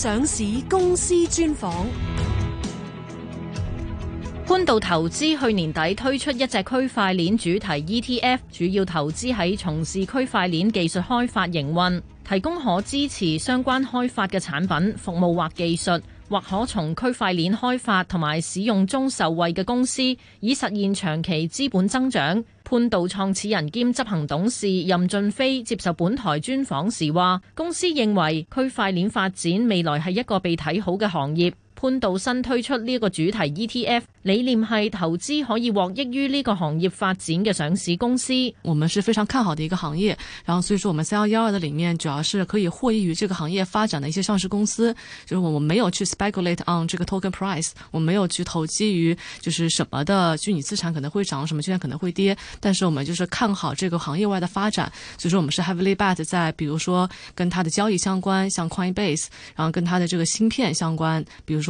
上市公司專訪。潘渡投資去年底推出一隻區塊鏈主題 ETF，主要投資喺從事區塊鏈技術開發、營運，提供可支持相關開發嘅產品、服務或技術。或可從區塊鏈開發同埋使用中受惠嘅公司，以實現長期資本增長。潘渡創始人兼執行董事任俊飛接受本台專訪時話，公司認為區塊鏈發展未來係一個被睇好嘅行業。潘渡新推出呢個主題 ETF，理念係投資可以獲益於呢個行業發展嘅上市公司。我們是非常看好的一個行業，然後所以說我們3112的裏面主要是可以獲益於這個行業發展的一些上市公司。就是我們沒有去 speculate on 這個 token price，我們沒有去投機於就是什麼的虛擬資產可能會漲，什麼資產可能會跌。但是我們就是看好這個行業外的發展，所以說我們是 heavily bet 在，比如說跟它的交易相關，像 Coinbase，然後跟它的這個芯片相關，比如說。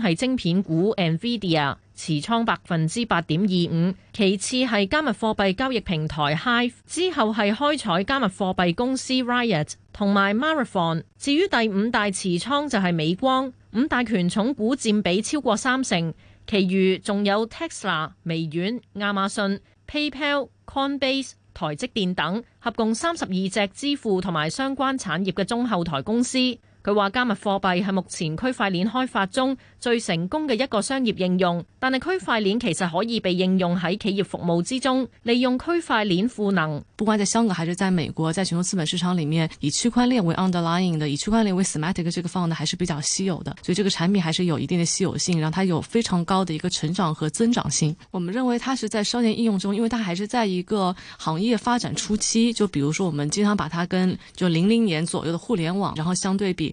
係晶片股 Nvidia 持倉百分之八點二五，其次係加密貨幣交易平台 Hive，之後係開採加密貨幣公司 Riot 同埋 Marathon。至於第五大持倉就係美光，五大權重股占比超過三成，其餘仲有 Tesla、微軟、亞馬遜 Pay、PayPal、Coinbase、台積電等，合共三十二隻支付同埋相關產業嘅中後台公司。佢話加密貨幣係目前區塊鏈開發中最成功嘅一個商業應用，但係區塊鏈其實可以被應用喺企業服務之中，利用區塊鏈賦能。不管在香港，還是在美國，在全球資本市場裡面，以區塊鏈為 underlying 的，以區塊鏈為 smart 的這個方向方案，還是比較稀有的，所以這個產品還是有一定的稀有性，然後它有非常高的一個成長和增長性。我們認為它是在商業應用中，因為它還是在一個行業發展初期，就比如說，我們經常把它跟就零零年左右的互聯網，然後相對比。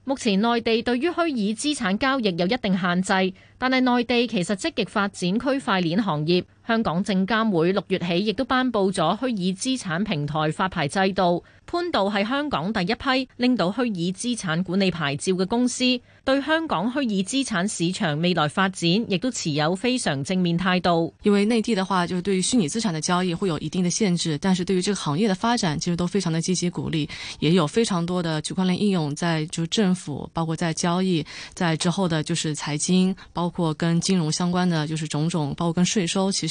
目前內地對於虛擬資產交易有一定限制，但係內地其實積極發展區塊鏈行業。香港證監會六月起亦都頒布咗虛擬資產平台發牌制度，潘渡係香港第一批拎到虛擬資產管理牌照嘅公司，對香港虛擬資產市場未來發展亦都持有非常正面態度。因為內地的話就是對於虛擬資產的交易會有一定的限制，但是對於這個行業的發展其實都非常的積極鼓勵，也有非常多的區塊鏈應用在就政府包括在交易，在之後的就是財經包括跟金融相關的就是種種，包括跟稅收其實。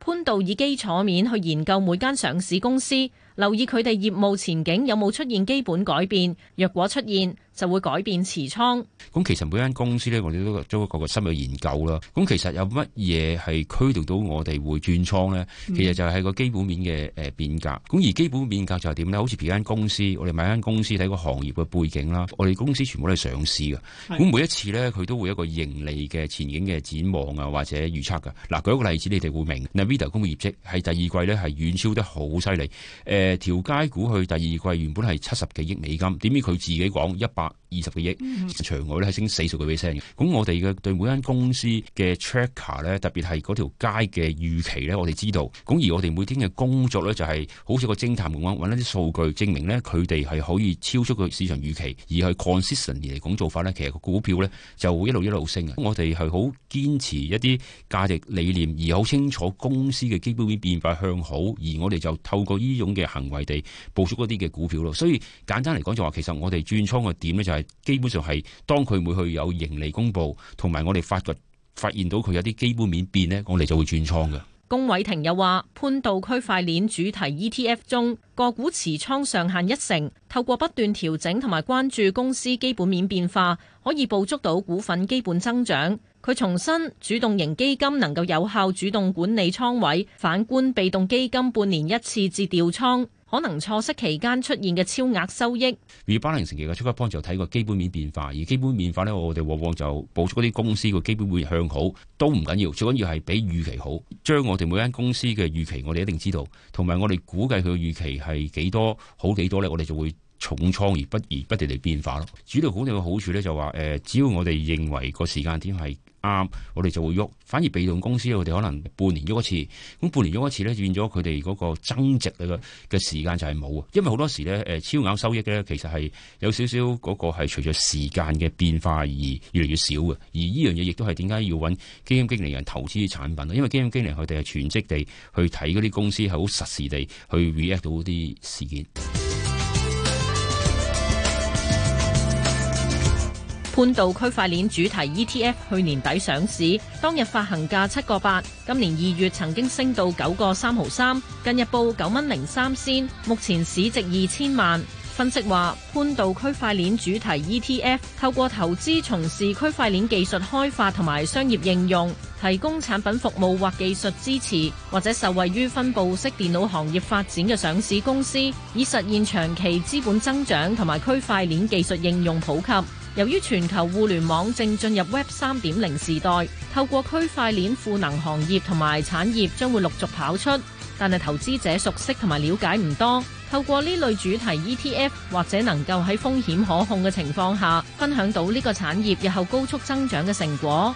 潘渡以基礎面去研究每間上市公司，留意佢哋業務前景有冇出現基本改變。若果出現，就會改變持倉。咁其實每間公司咧，我哋都做一個個深入研究啦。咁其實有乜嘢係驅動到我哋會轉倉咧？嗯、其實就係個基本面嘅誒變革。咁、呃、而基本面格就係點咧？好似每間公司，我哋買間公司睇個行業嘅背景啦。我哋公司全部都係上市嘅。咁的每一次咧，佢都會一個盈利嘅前景嘅展望啊，或者預測嘅。嗱、啊，舉一個例子，你哋會明。嗱 Nvidia 公司業績喺第二季咧係遠超得好犀利。誒、呃，條街估去第二季原本係七十幾億美金，點知佢自己講一百。二十個億，嗯嗯場外咧係升四十個 percent 嘅。咁我哋嘅對每間公司嘅 tracker 咧，特別係嗰條街嘅預期咧，我哋知道。咁而我哋每天嘅工作咧，就係好似個偵探咁樣，揾一啲數據證明咧，佢哋係可以超出個市場預期，而係 consistent 嚟講做法咧，其實個股票咧就會一路一路升啊。我哋係好堅持一啲價值理念，而好清楚公司嘅基本面變化向好，而我哋就透過呢種嘅行為嚟捕捉嗰啲嘅股票咯。所以簡單嚟講就話，其實我哋轉倉嘅點。就係基本上係，當佢會去有盈利公布，同埋我哋發覺發現到佢有啲基本面變呢，我哋就會轉倉嘅。龔偉庭又話：潘渡區塊鏈主題 ETF 中個股持倉上限一成，透過不斷調整同埋關注公司基本面變化，可以捕捉到股份基本增長。佢重申，主動型基金能夠有效主動管理倉位，反觀被動基金半年一次至調倉。可能錯失期間出現嘅超額收益。而八零成期嘅出發點就睇個基本面變化，而基本面變化咧，我哋往往就捕捉嗰啲公司個基本面向好都唔緊要，最緊要係比預期好。將我哋每間公司嘅預期，我哋一定知道，同埋我哋估計佢嘅預期係幾多好幾多咧，我哋就會重倉而不而不斷地變化咯。主要股定嘅好處咧，就是，就話誒，只要我哋認為個時間點係。啱，我哋就會喐，反而被動公司我哋可能半年喐一次，咁半年喐一次咧，變咗佢哋嗰個增值嘅嘅時間就係冇啊，因為好多時咧，誒超額收益咧，其實係有少少嗰個係隨住時間嘅變化而越嚟越少嘅，而呢樣嘢亦都係點解要搵基金經理人投資產品啊？因為基金經理佢哋係全職地去睇嗰啲公司，係好實時地去 react 到啲事件。潘渡區塊鏈主題 ETF 去年底上市，當日發行價七個八，今年二月曾經升到九個三毫三，近日報九蚊零三仙，目前市值二千萬。分析話，潘渡區塊鏈主題 ETF 透過投資從事區塊鏈技術開發同埋商業應用，提供產品服務或技術支持，或者受惠於分布式電腦行業發展嘅上市公司，以實現長期資本增長同埋區塊鏈技術應用普及。由於全球互聯網正進入 Web 三點零時代，透過區塊鏈賦能行業同埋產業將會陸續跑出，但係投資者熟悉同埋了解唔多。透過呢類主題 ETF，或者能夠喺風險可控嘅情況下，分享到呢個產業日後高速增長嘅成果。